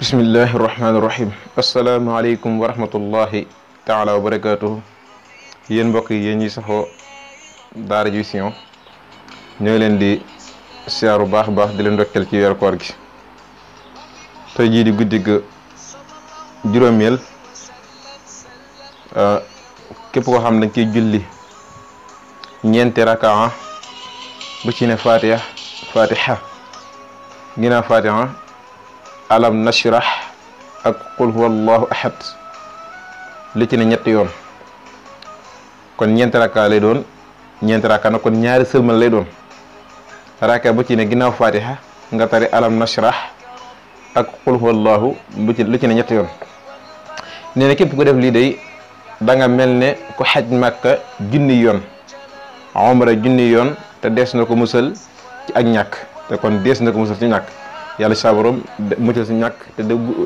bismillahi irrahmaani irrahim asalaamaaleykum wa rahmatullahi taala wa barakaatuhu yéen mbokk yi yéen ñi saxoo daara ji Vision leen di siyaaru baax a baax di leen ndokkeel ci weeru koor gi tey jii di guddi ga juróomeel ah, képp koo xam ne dañ ciy julli ñeenti rakaa bu ci ne fatiha fatiha ginnaaw fatiha alam nashrah ak qul huwa allahu ahad li ci ne ñetti yoon kon ñeenti rakka lay doon ñeenti rakka na kon ñaari sëlmal lay doon rakka bu ci ne ginnaaw fatiha nga tari alam nashrah ak qul huwa allahu bu ci li ci ñetti yoon nee na képp def lii day danga mel ne ku xaj màkka junni yoon omra junni yoon te dees na ko musal ci ak ñàkk te kon dees na ko musal ci ñàkk yàlla saa borom muccal si ñàkk te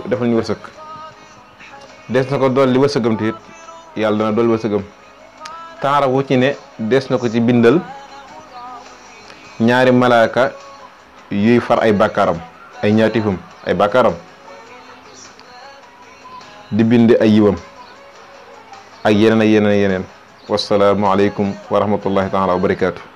defal ñu wërsëg des na ko dolli wërsëgam te it yàlla dana dolli wërsëgam taarawu ci ne des na ko ci bindal ñaari malaaka yuy far ay bàkkaaram ay ñaatifam ay bàkkaaram di bindi ay yiwam ak yeneen ak yeneen yeneen wasalaamualeykum wa rahmatullahi taala wa barakaatu